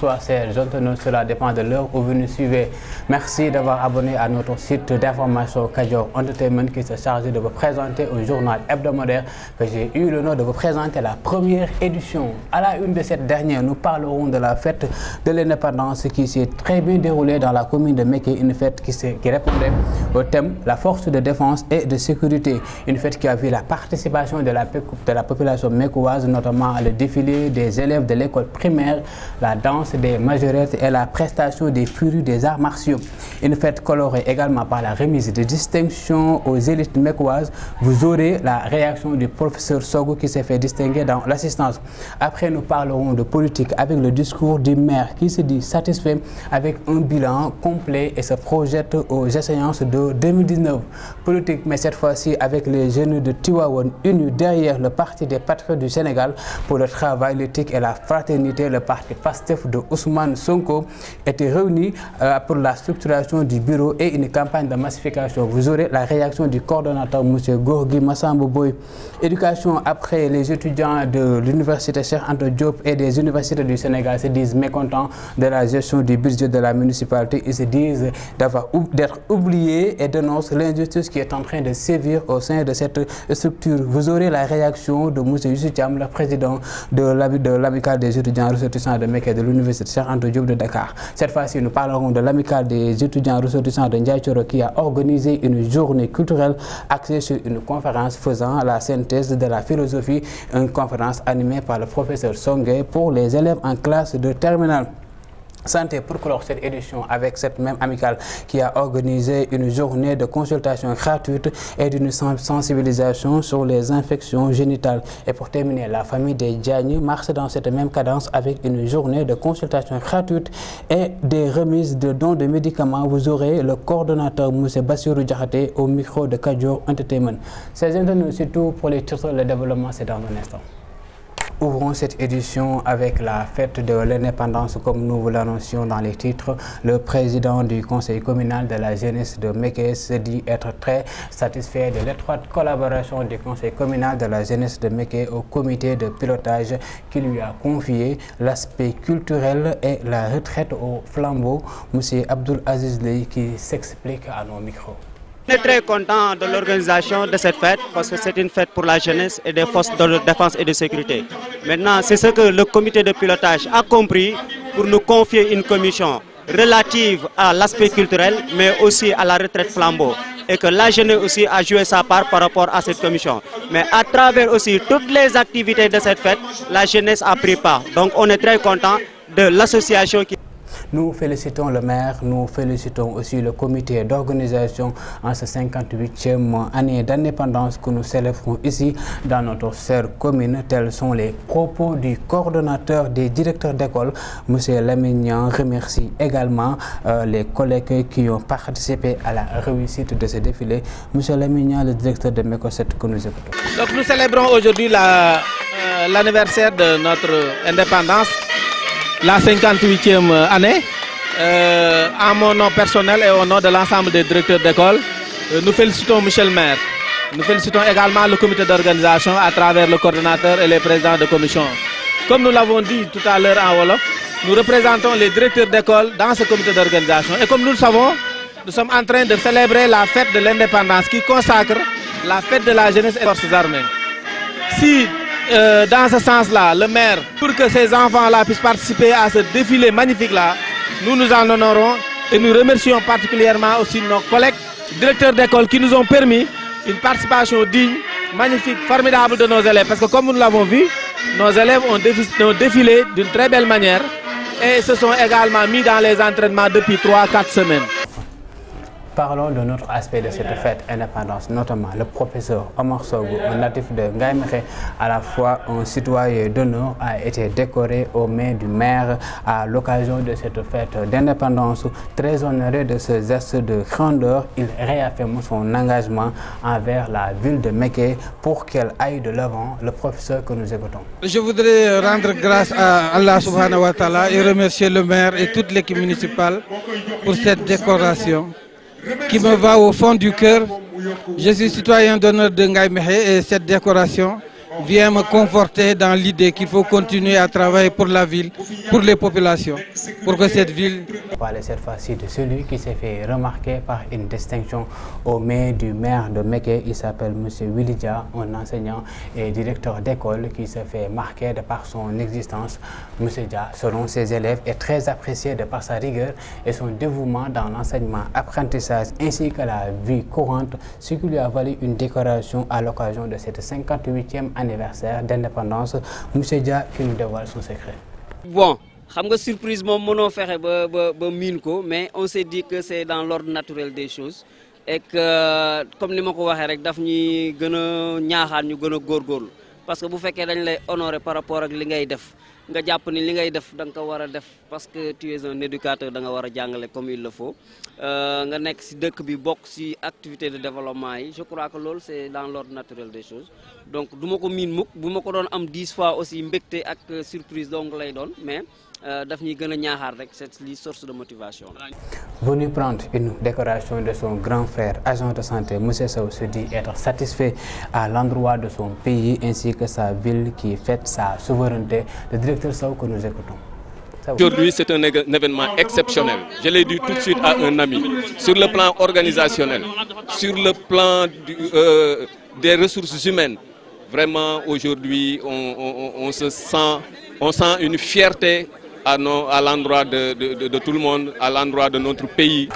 soit c'est cela dépend de l'heure où vous nous suivez. Merci d'avoir abonné à notre site d'information Kajor Entertainment qui se charge de vous présenter au journal hebdomadaire que j'ai eu l'honneur de vous présenter la première édition. À la une de cette dernière, nous parlerons de la fête de l'indépendance qui s'est très bien déroulée dans la commune de Meké, une fête qui, qui répondait au thème la force de défense et de sécurité. Une fête qui a vu la participation de la, de la population mécoise, notamment le défilé des élèves de l'école primaire, la danse des majorettes et la prestation des furieux des arts martiaux. Une fête colorée également par la remise de distinctions aux élites mécoises. Vous aurez la réaction du professeur Sogo qui s'est fait distinguer dans l'assistance. Après, nous parlerons de politique avec le discours du maire qui se dit satisfait avec un bilan complet et se projette aux échéances de 2019. Politique, mais cette fois-ci avec les jeunes de Tiwawan unis derrière le Parti des Patriotes du Sénégal pour le travail, l'éthique et la fraternité, le Parti fastif de euh, Ousmane Sonko était réunis euh, pour la structuration du bureau et une campagne de massification. Vous aurez la réaction du coordonnateur M. Gorgi Massambouboy. Éducation après les étudiants de l'université Cheikh Anto Diop et des universités du Sénégal se disent mécontents de la gestion du budget de la municipalité. Ils se disent d'être oubliés et dénoncent l'injustice qui est en train de sévir au sein de cette structure. Vous aurez la réaction de M. Yusuf le président de l'amicale des étudiants ressortissants de et de l'université cette fois-ci, nous parlerons de l'amicale des étudiants ressortissants de Ndiaye qui a organisé une journée culturelle axée sur une conférence faisant la synthèse de la philosophie, une conférence animée par le professeur Songue pour les élèves en classe de terminale. Santé pour clore cette édition avec cette même amicale qui a organisé une journée de consultation gratuite et d'une sensibilisation sur les infections génitales. Et pour terminer, la famille des Diagne marche dans cette même cadence avec une journée de consultation gratuite et des remises de dons de médicaments. Vous aurez le coordonnateur M. Bassirou Djahate au micro de Kajour Entertainment. C'est tout pour les titres, le développement c'est dans un instant. Ouvrons cette édition avec la fête de l'indépendance comme nous vous l'annoncions dans les titres. Le président du conseil communal de la jeunesse de s'est dit être très satisfait de l'étroite collaboration du conseil communal de la jeunesse de Meké au comité de pilotage qui lui a confié l'aspect culturel et la retraite au flambeau. Monsieur Abdul Aziz qui s'explique à nos micros. On est très content de l'organisation de cette fête parce que c'est une fête pour la jeunesse et des forces de défense et de sécurité. Maintenant, c'est ce que le comité de pilotage a compris pour nous confier une commission relative à l'aspect culturel mais aussi à la retraite flambeau et que la jeunesse aussi a joué sa part par rapport à cette commission. Mais à travers aussi toutes les activités de cette fête, la jeunesse a pris part. Donc on est très content de l'association qui nous félicitons le maire, nous félicitons aussi le comité d'organisation en ce 58e année d'indépendance que nous célébrons ici dans notre serre commune. Tels sont les propos du coordonnateur des directeurs d'école. M. Lamignan remercie également euh, les collègues qui ont participé à la réussite de ce défilé. M. Lamignan, le directeur de MECOSET que nous écoutons. Donc nous célébrons aujourd'hui euh, l'anniversaire de notre indépendance la 58e année. à euh, en mon nom personnel et au nom de l'ensemble des directeurs d'école, euh, nous félicitons Michel Maire. Nous félicitons également le comité d'organisation à travers le coordinateur et les présidents de commission. Comme nous l'avons dit tout à l'heure en Wolof, nous représentons les directeurs d'école dans ce comité d'organisation. Et comme nous le savons, nous sommes en train de célébrer la fête de l'indépendance qui consacre la fête de la jeunesse et des forces armées. Si euh, dans ce sens-là, le maire, pour que ces enfants-là puissent participer à ce défilé magnifique-là, nous nous en honorons et nous remercions particulièrement aussi nos collègues directeurs d'école qui nous ont permis une participation digne, magnifique, formidable de nos élèves. Parce que comme nous l'avons vu, nos élèves ont défilé d'une très belle manière et se sont également mis dans les entraînements depuis 3-4 semaines. Parlons de notre aspect de cette fête indépendance, notamment le professeur Omar Sogo, un natif de Ngaimé, à la fois un citoyen d'honneur, a été décoré aux mains du maire à l'occasion de cette fête d'indépendance. Très honoré de ce geste de grandeur, il réaffirme son engagement envers la ville de Meké pour qu'elle aille de l'avant, le professeur que nous écoutons. Je voudrais rendre grâce à Allah subhanahu wa et remercier le maire et toute l'équipe municipale pour cette décoration qui me va au fond du cœur. Je suis citoyen d'honneur de Ngaï et cette décoration vient me conforter dans l'idée qu'il faut continuer à travailler pour la ville, pour les populations, pour que cette ville... On laisser cette fois-ci de celui qui s'est fait remarquer par une distinction au maire du maire de Meke. Il s'appelle M. Wilidja, un enseignant et directeur d'école qui s'est fait marquer de par son existence. M. Dja, selon ses élèves, est très apprécié de par sa rigueur et son dévouement dans l'enseignement, apprentissage ainsi que la vie courante, ce qui lui a valu une décoration à l'occasion de cette 58e année anniversaire d'indépendance monsieur Dia qui nous dévoile son secret. Bon. je sais, surprise mon mon fexe ba mais on s'est dit que c'est dans l'ordre naturel des choses et que comme ni l'ai dit, waxee rek daf ñuy gën plus parce que vous faites dañ lay honorer par rapport ak li ngay def nga jàpp ni li ngay def danga ko war a def parce que tu es un éducateur da nga war a jàngale comme il le faut euh, nga nekk si dëkk bi bokk si activité de développement yi je crois que lool c' est dans l' ordre naturel des choses donc duma ma ko miin mukk bu ma ko doon am dix fois aussi mbégte ak surprise donc lay doon mais Euh, daf ñuy c'est source de motivation Venu prendre une décoration de son grand frère, agent de santé, M. Sow se dit être satisfait à l'endroit de son pays ainsi que sa ville qui fête sa souveraineté. Le directeur Sow que nous écoutons. Aujourd'hui, c'est un événement exceptionnel. Je l'ai dit tout de suite à un ami. Sur le plan organisationnel, sur le plan euh, des ressources humaines, vraiment aujourd'hui, on, on, se sent, on sent une fierté à, l'endroit de tout le monde, à l'endroit de notre pays.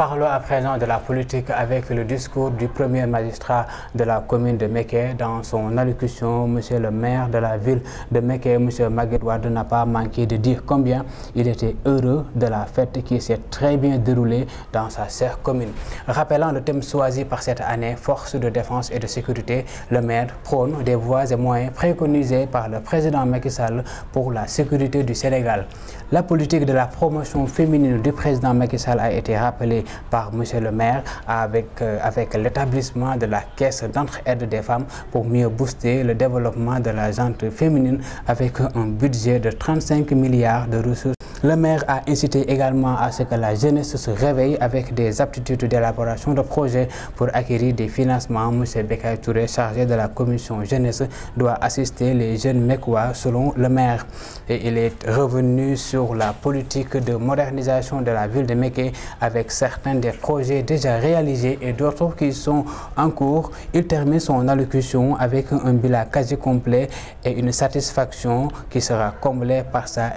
Parlons à présent de la politique avec le discours du premier magistrat de la commune de Meké. Dans son allocution, monsieur le maire de la ville de Meké, monsieur Maguedouard, n'a pas manqué de dire combien il était heureux de la fête qui s'est très bien déroulée dans sa sœur commune. Rappelant le thème choisi par cette année, force de défense et de sécurité, le maire prône des voies et moyens préconisés par le président Macky Sall pour la sécurité du Sénégal. La politique de la promotion féminine du président Macky Sall a été rappelée par Monsieur le maire avec, euh, avec l'établissement de la caisse d'entre-aide des femmes pour mieux booster le développement de la gente féminine avec un budget de 35 milliards de ressources le maire a incité également à ce que la jeunesse se réveille avec des aptitudes d'élaboration de projets pour acquérir des financements. M. Bekay Touré, chargé de la commission jeunesse, doit assister les jeunes Mekwa selon le maire. Et il est revenu sur la politique de modernisation de la ville de Meké avec certains des projets déjà réalisés et d'autres qui sont en cours. Il termine son allocution avec un bilan quasi complet et une satisfaction qui sera comblée par sa,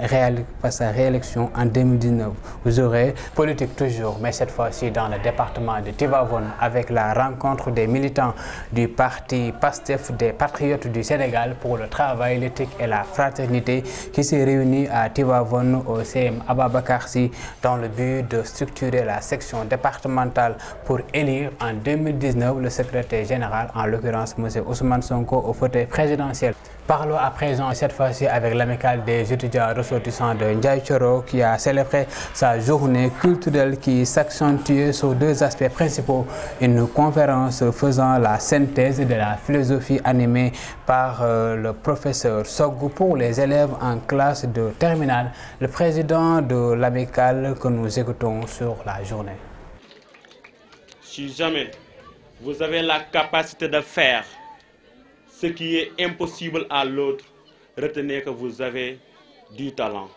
par sa réalisation en 2019. Vous aurez politique toujours, mais cette fois-ci dans le département de Tivavon avec la rencontre des militants du parti PASTEF des Patriotes du Sénégal pour le travail, l'éthique et la fraternité qui s'est réunie à Tivavon au CM Ababakarsi dans le but de structurer la section départementale pour élire en 2019 le secrétaire général, en l'occurrence M. Ousmane Sonko, au fauteuil présidentiel. Parlons à présent cette fois-ci avec l'Amical des étudiants ressortissants de Ndiaye qui a célébré sa journée culturelle qui s'accentue sur deux aspects principaux. Une conférence faisant la synthèse de la philosophie animée par euh, le professeur Sogou pour les élèves en classe de terminale, le président de l'amicale que nous écoutons sur la journée. Si jamais vous avez la capacité de faire ce qui est impossible à l'autre, retenez que vous avez du talent.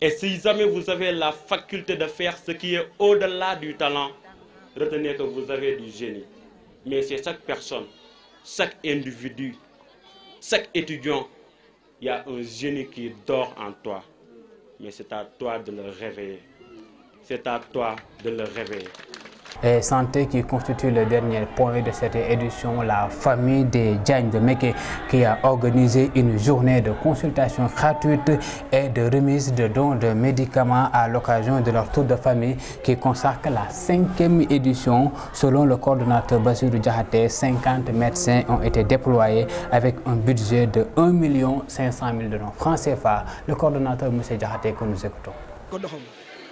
Et si jamais vous avez la faculté de faire ce qui est au-delà du talent, retenez que vous avez du génie. Mais c'est chaque personne, chaque individu, chaque étudiant, il y a un génie qui dort en toi. Mais c'est à toi de le réveiller. C'est à toi de le réveiller et santé qui constitue le dernier point de cette édition. La famille des Diagne de Meke qui a organisé une journée de consultation gratuite et de remise de dons de médicaments à l'occasion de leur tour de famille qui consacre la cinquième édition. Selon le coordonnateur Basur Djahate, 50 médecins ont été déployés avec un budget de 1 500 000 de francs CFA. Le coordonnateur M. Djahate que nous écoutons.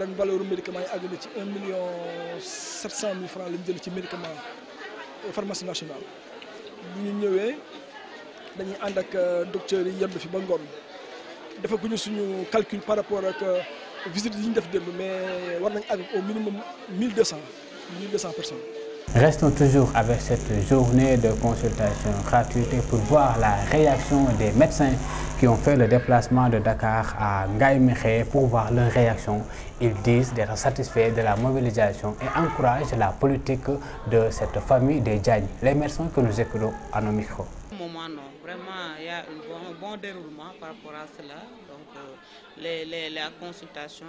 ren valeur médicament yi ci un million 700 000 francs de jël ci médicament pharmacie nationale bu ñu ñëwé dañuy and ak euh, docteur yi yemb fi ba ngom dafa buñu suñu calcul par rapport ak euh, visite yi ñu def mais war nañ au minimum 1200 200%. personnes Restons toujours avec cette journée de consultation gratuite pour voir la réaction des médecins qui ont fait le déplacement de Dakar à Ngaïmekhé pour voir leur réaction. Ils disent d'être satisfaits de la mobilisation et encouragent la politique de cette famille des Djani. Les personnes que nous écoutons à nos micros. Moment, Vraiment, il y a un bon, déroulement par rapport à cela. Donc, euh, les, les, la consultation,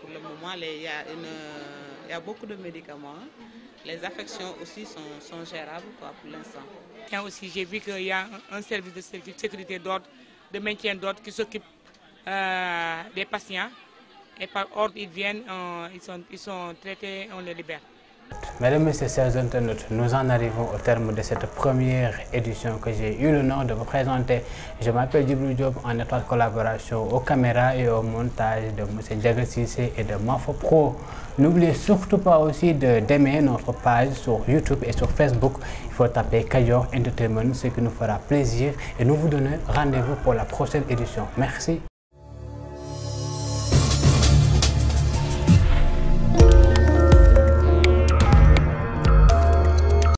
pour le moment, il y a beaucoup de médicaments. Hein. Les affections aussi sont, gérables pour l'instant. aussi, j'ai vu qu'il y a un service de sécurité d'ordre, de maintien d'ordre qui s'occupe euh, des patients. Et par ordre, ils viennent, euh, ils, sont, ils sont traités, on les libère. Mesdames, et Messieurs, les internautes, nous en arrivons au terme de cette première édition que j'ai eu l'honneur de vous présenter. Je m'appelle Djibril Diop en étroite collaboration aux caméras et au montage de M. Diago et de Mafo Pro. N'oubliez surtout pas aussi d'aimer notre page sur YouTube et sur Facebook. Il faut taper Kayor Entertainment, ce qui nous fera plaisir et nous vous donnons rendez-vous pour la prochaine édition. Merci.